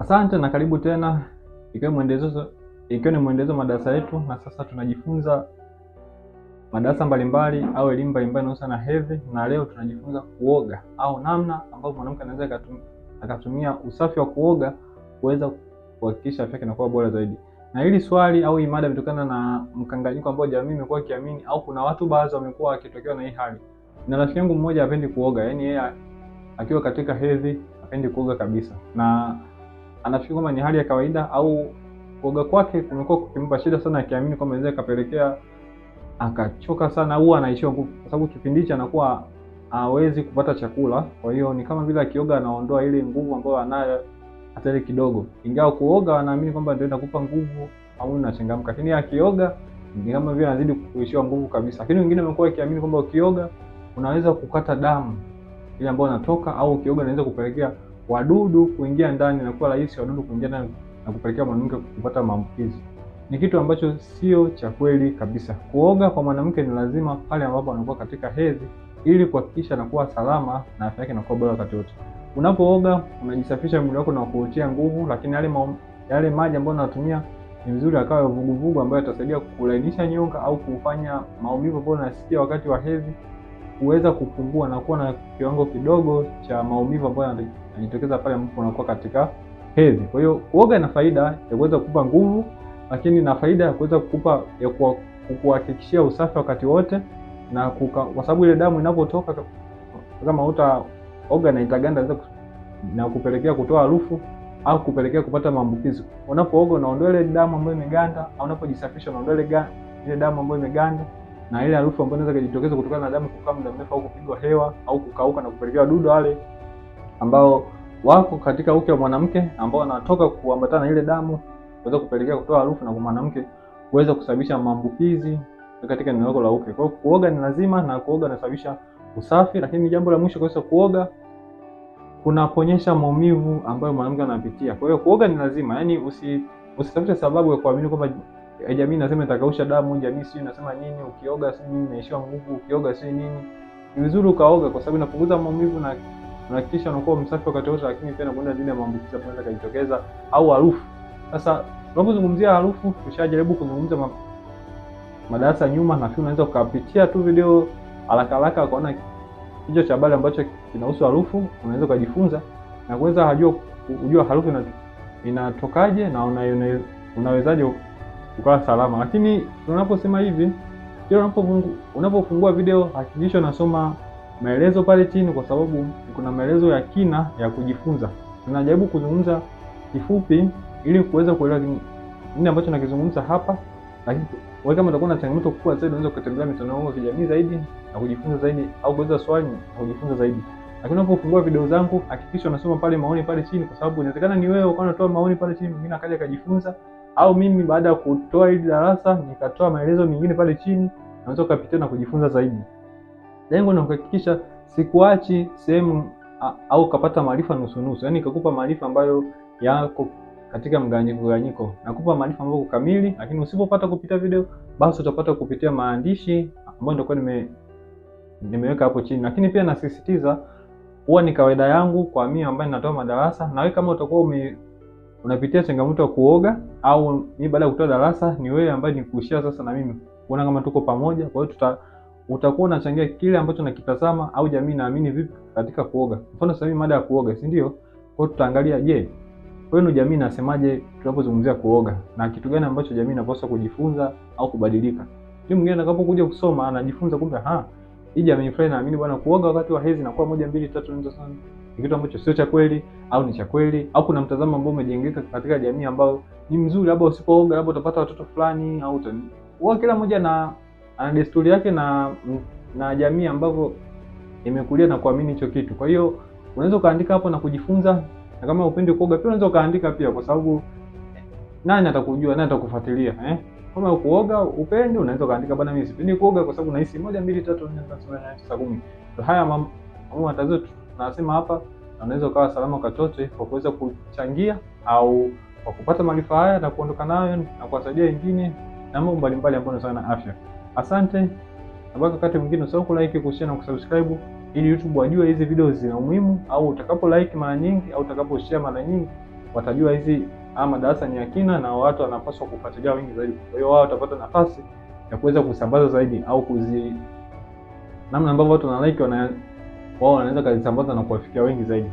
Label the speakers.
Speaker 1: Asante na karibu tena, ikiwa mwendelezo ikiwa ni mwendelezo madarasa yetu, na sasa tunajifunza madarasa mbalimbali au elimu mbalimbali inayohusiana na hedhi, na leo tunajifunza kuoga au namna ambavyo mwanamke anaweza akatumia usafi wa kuoga kuweza kuhakikisha afya yake inakuwa bora zaidi. Na hili swali au imada imetokana na mkanganyiko ambao jamii imekuwa ikiamini, au kuna watu baadhi wamekuwa wakitokewa na hii hali. Na rafiki yangu mmoja apendi kuoga, yani yeye akiwa katika hedhi apendi kuoga kabisa na anafikiri kwamba ni hali ya kawaida au kuoga kwake kumekuwa kukimpa shida sana, akiamini kwamba inaweza ikapelekea akachoka sana au anaishiwa nguvu, kwa sababu kipindi hicho anakuwa hawezi kupata chakula. Kwa hiyo ni kama vile akioga anaondoa ile nguvu ambayo anayo hata ile kidogo, ingawa kuoga anaamini kwamba ndio inakupa nguvu au unachangamka, lakini akioga ni kama vile anazidi kuishiwa nguvu kabisa. Lakini wengine wamekuwa akiamini kwamba ukioga unaweza kukata damu ile ambayo inatoka, au ukioga unaweza kupelekea wadudu kuingia ndani, na kuwa rahisi wadudu kuingia ndani na kupelekea mwanamke kupata maambukizi. Ni kitu ambacho sio cha kweli kabisa. Kuoga kwa mwanamke ni lazima pale ambapo anakuwa katika hedhi, ili kuhakikisha anakuwa salama na afya yake inakuwa bora wakati wote. Unapooga unajisafisha mwili wako na kuutia nguvu, lakini yale ma, yale maji ambayo unatumia ni vizuri akawa vuguvugu, ambayo atasaidia kulainisha nyonga au kufanya maumivu ambayo unasikia wakati wa hedhi kuweza kupungua na kuwa na kiwango kidogo cha maumivu ambayo yanajitokeza pale ambapo unakuwa katika hedhi. Kwa hiyo kuoga ina faida ya kuweza kukupa nguvu, lakini na faida ya kuweza kukupa ya kukuhakikishia usafi wakati wote, na kuka, kwa sababu ile damu inapotoka kama utaoga na itaganda na kupelekea kutoa harufu au kupelekea kupata maambukizi. Unapooga unaondoa ile damu ambayo imeganda, au unapojisafisha unaondoa ile damu ambayo imeganda na ile harufu ambayo inaweza kujitokeza kutokana na damu kukaa muda mrefu au kupigwa hewa au kukauka na kupelekea wadudu wale ambao wako katika uke wa mwanamke ambao wanatoka kuambatana na ile damu kuweza kupelekea kutoa harufu na kwa mwanamke kuweza kusababisha maambukizi katika eneo lako la uke. Kwa hiyo kuoga ni lazima na kuoga inasababisha usafi, lakini jambo la mwisho kabisa, kuoga kunaponyesha maumivu ambayo mwanamke anapitia. Kwa hiyo kuoga ni lazima, yaani usi usitafute sababu ya kuamini kwamba Eh, jamii inasema itakausha damu, jamii sio inasema nini, ukioga si nini naishiwa nguvu, ukioga si nini. Ni vizuri ukaoga kwa sababu inapunguza maumivu na unahakikisha unakuwa msafi wakati wote, lakini pia nakuenda zile maambukizi ambayo yanaweza kujitokeza au harufu. Sasa tunapozungumzia harufu, tushajaribu kuzungumza ma, madarasa nyuma, na pia unaweza ukapitia tu video haraka haraka ukaona kichwa cha habari ambacho kinahusu harufu, unaweza ukajifunza na kuweza hajua kujua harufu inatokaje na unawezaje una ukawa salama. Lakini tunaposema hivi, kila unapofungua video hakikisha unasoma maelezo pale chini, kwa sababu kuna maelezo ya kina ya kujifunza. Tunajaribu kuzungumza kifupi ili kuweza kuelewa nini ambacho nakizungumza hapa, lakini wewe kama utakuwa na changamoto kubwa zaidi, unaweza kutembelea mitandao yangu ya kijamii zaidi na kujifunza zaidi, au kuweza swali na kujifunza zaidi. Lakini unapofungua video zangu hakikisha unasoma pale maoni pale chini, kwa sababu inawezekana ni wewe ukawa unatoa maoni pale chini, mwingine akaja akajifunza au mimi baada ya kutoa hili darasa nikatoa maelezo mengine pale chini, naweza ukapitia na kujifunza zaidi. Lengo ni kuhakikisha sikuachi sehemu au kapata maarifa nusu nusu, yaani nikakupa maarifa ambayo yako katika mgawanyiko gawanyiko, nakupa maarifa ambayo kamili, lakini usipopata kupitia video, basi utapata kupitia maandishi ambayo ndio nime nimeweka hapo chini. Lakini pia nasisitiza, huwa ni kawaida yangu kwa mimi ambaye ninatoa madarasa, na wewe kama utakuwa ume unapitia changamoto ya kuoga au mi baada ya kutoa darasa ni wewe ambaye nikuishia sasa na mimi kuona kama tuko pamoja. Kwa hiyo utakuwa unachangia kile ambacho nakitazama au jamii naamini vipi katika kuoga. Mfano sasa hivi mada ya kuoga, si ndio? Kwa hiyo tutaangalia, je, kwenu jamii inasemaje tunapozungumzia kuoga na kitu gani ambacho jamii inapaswa kujifunza au kubadilika. Mtu mwingine atakapokuja kusoma anajifunza, kumbe ha hii jamii fulani naamini bwana kuoga wakati wa hedhi inakuwa moja mbili tatu ndio sana ni kitu ambacho sio cha kweli au ni cha kweli au kuna mtazamo ambao umejengeka katika jamii ambao ni mzuri, labda usipooga labda utapata watoto fulani au utani. Wao kila mmoja na ana desturi yake na na jamii ambavyo imekulia na kuamini hicho kitu. Kwa hiyo unaweza ukaandika hapo na kujifunza, na kama upendi kuoga pia unaweza ukaandika pia, kwa sababu eh, nani atakujua, nani atakufuatilia eh? Kama ukuoga upendi, unaweza ukaandika bwana, mimi sipendi kuoga kwa sababu nahisi moja mbili tatu nne tano sita kumi. So haya mambo matatizo tunasema hapa, na unaweza ukawa salama ukachote kwa kuweza kuchangia au kwa kupata maarifa haya na kuondoka nayo na kuwasaidia wengine na mambo mbalimbali ambayo yanahusiana na afya. Asante, na mpaka wakati mwingine, usahau ku like kushare na kusubscribe ili YouTube wajue hizi video zina umuhimu, au utakapo like mara nyingi au utakapo share mara nyingi, watajua hizi ama darasa ni yakina na watu wanapaswa kufuatilia wengi zaidi. Kwa hiyo wao watapata nafasi ya kuweza kusambaza zaidi au kuzi namna ambavyo watu wana like wana wao wanaweza kazisambaza na kuwafikia wengi zaidi.